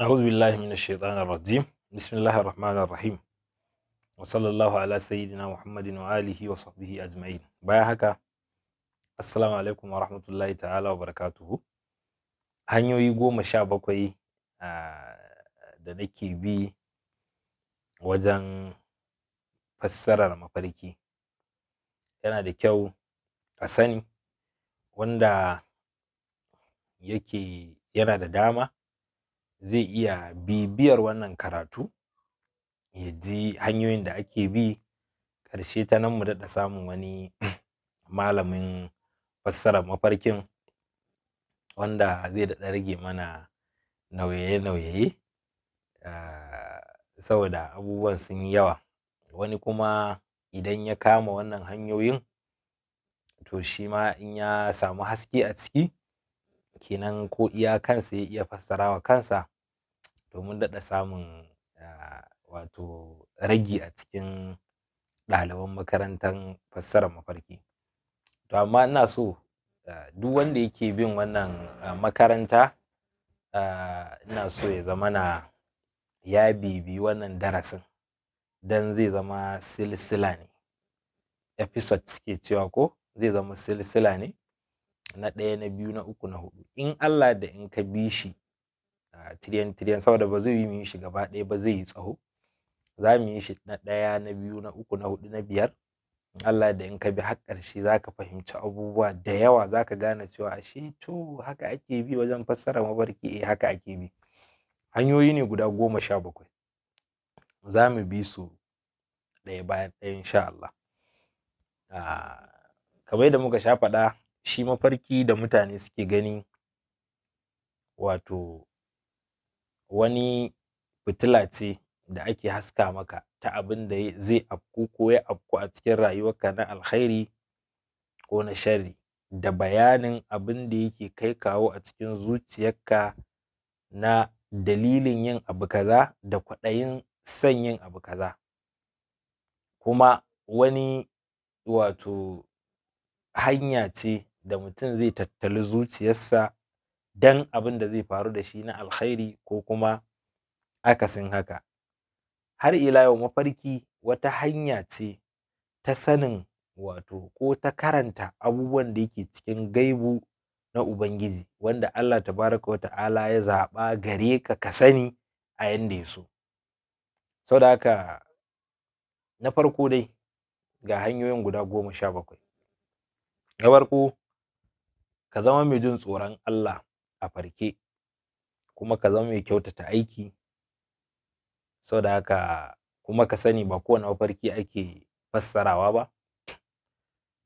أعوذ بالله من الشيطان الرجيم بسم الله الرحمن الرحيم وصلى الله على سيدنا محمد وآله وصحبه أجمعين بايا هكا السلام عليكم ورحمة الله تعالى وبركاته hanyoyi goma sha bakwai da nake bi wajen fassarar mafarki yana da kyau a sani wanda yake yana da dama zai iya bibiyar wannan karatu ya ji hanyoyin da ake bi ƙarshe ta nan mu daɗa samun wani malamin fassara mafarkin wanda zai daɗa rage mana nauyaye-nauyaye ah, saboda abubuwan sun yi yawa wani kuma idan ya kama wannan hanyoyin to shi ma in ya samu haske a ciki kenan ko iya kansa ya iya fassarawa kansa domin daɗa samun wato ragi a cikin ɗaliban makarantar fassara mafarki to amma ina so duk wanda yake bin wannan makaranta ina so ya zama na ya bibi wannan darasin don zai zama silsila ne episode suke cewa ko zai zama silsila ne na ɗaya na biyu na uku na hudu in Allah da in ka bi shi tiriyan tiriyan saboda ba zai yi mu shi gaba ɗaya ba zai yi tsaho za mu yi shi na ɗaya na biyu na uku na hudu na biyar Allah da in ka bi har ƙarshe za ka fahimci abubuwa da yawa za ka gane cewa ashe to haka ake bi wajen fassara mabarki eh haka ake bi hanyoyi ne guda goma sha bakwai za mu bi su ɗaya bayan ɗaya insha Allah ah, kamar yadda muka sha faɗa shi mafarki da mutane suke gani wato wani fitila ce da ake haska maka ta abin da zai afku ko ya afku a cikin rayuwarka na alkhairi ko na sharri da bayanin abin da yake kai kawo a cikin zuciyarka na dalilin yin abu kaza da kwaɗayin son yin abu kaza kuma wani wato hanya ce da mutum zai tattali zuciyarsa dan abin da zai faru da shi na alkhairi ko kuma akasin haka har ila yau mafarki wata hanya ce ta sanin wato ko ta karanta abubuwan da yake cikin gaibu na Ubangiji wanda Allah tabaraka wa ta'ala ya zaɓa gare ka ka sani a yanda ya so. Sau da haka na farko dai ga hanyoyin guda goma sha bakwai. Na farko ka zama mai jin tsoron Allah a farke kuma ka zama mai kyautata aiki saboda haka kuma ka sani ba kowane mafarki ake fassarawa ba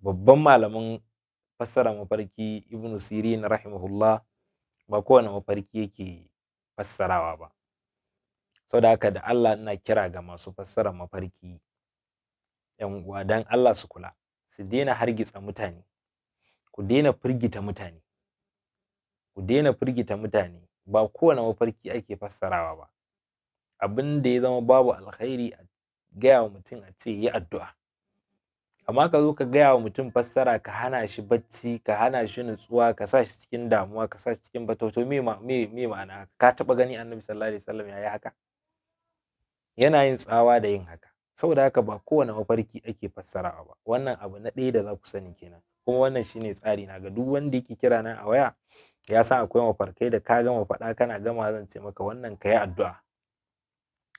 babban malamin fassara mafarki ibn sirin rahimahullah ba kowane mafarki yake fassarawa ba sau da haka da Allah ina kira ga masu fassara mafarki yan uwa dan Allah su kula su daina hargitsa mutane ku daina firgita mutane ku daina firgita mutane ba kowane mafarki ake fassarawa ba abin da ya zama babu alkhairi a gaya wa mutum a ce yi addu'a amma ka zo ka gaya wa mutum fassara ka hana shi bacci ka hana shi nutsuwa ka sa shi cikin damuwa ka sa shi cikin batoto me me ma'ana ka taɓa gani annabi sallallahu alaihi wasallam yayi haka yana yin tsawa da yin haka saboda haka ba kowane mafarki ake fassarawa ba wannan abu na ɗaya da za ku sani kenan kuma wannan shine tsari na ga duk wanda yake kira na a waya ya san akwai mafarkai da ka gama faɗa kana gama zan ce maka wannan ka yi addu'a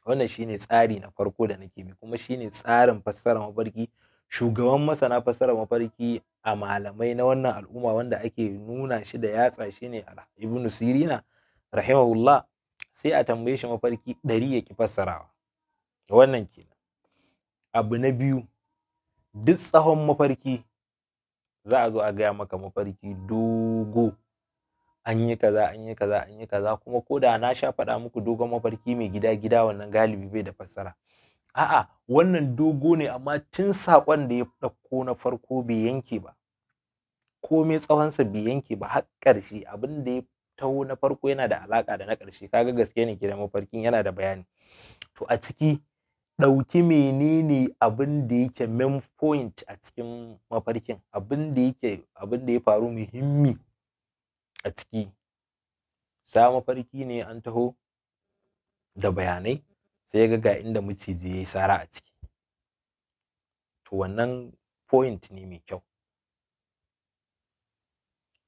wannan shine tsari na farko da nake bi kuma shine tsarin fassara mafarki shugaban masana fassara mafarki a malamai na wannan al'umma wanda ake nuna shi da yatsa shi shine ibn sirina rahimahullah sai a tambaye shi mafarki ɗari ya ki fassarawa wannan ke, abu na biyu duk tsahon mafarki za a zo a gaya maka mafarki dogo an yi kaza an yi kaza an yi kaza kuma ko da na sha faɗa muku dogon mafarki mai gida gida wannan galibi bai da fassara a'a wannan dogo ne amma tun saƙon da ya ɗauko na farko bai yanke ba Ko komai tsawonsa bai yanke ba har ƙarshe abin da ya taho na farko yana da alaƙa da na ƙarshe kaga gaske ne gidan mafarkin yana da bayani to a ciki ɗauki menene abin da yake main point a cikin mafarkin abin da yake abin da ya faru muhimmi a ciki sa mafarki ne an taho da bayanai sai ya ga ga inda maciji ya yi sara a ciki to wannan point ne mai kyau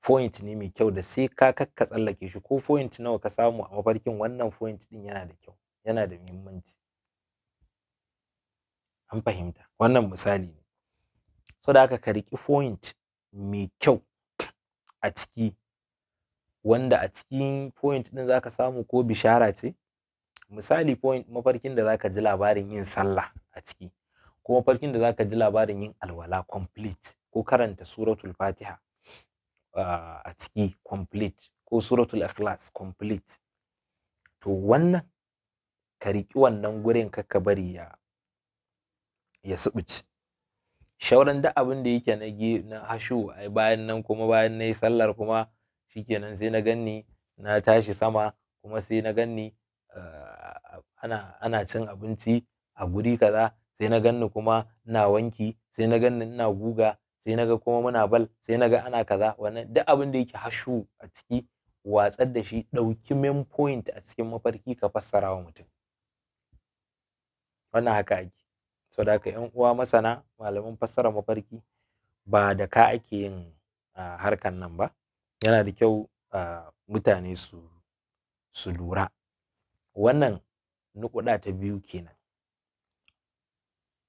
point ne mai kyau da sai ka kakka tsallake shi ko point nawa ka samu a mafarkin wannan point din yana da kyau yana da muhimmanci an fahimta wannan misali ne so da haka ka riƙi point mai kyau a ciki wanda a cikin point din zaka samu ko bishara ce misali point mafarkin da zaka ji labarin yin sallah a ciki ko mafarkin da zaka ji labarin yin alwala complete ko karanta suratul fatiha uh, a ciki complete ko suratul ikhlas complete to wannan ka riƙi wannan gurin ka bari ya ya subuci shauran duk abin da yake na na hashu ai bayan nan kuma bayan nayi sallar kuma shikenan sai na ganni na tashi sama kuma sai na ganni eh, ana ana cin abinci a guri kaza sai na ganni kuma ina wanki sai na ganni ina guga sai na ga kuma muna bal sai na ga ana kaza wannan duk abin da yake hashu a ciki watsar da shi ɗauki main point a cikin mafarki ka fassara wa mutum wannan haka ake so da yan uwa masana malaman fassara mafarki ba da ka ake yin ah, harkan nan ba yana da kyau a mutane su lura wannan nukuda ta biyu kenan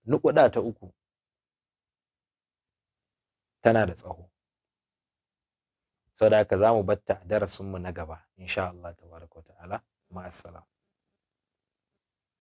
nukuda ta uku tana da tsaho Sauda haka za mu batta a darasinmu na gaba insha Allah tabaraka wa ta'ala ma'asala.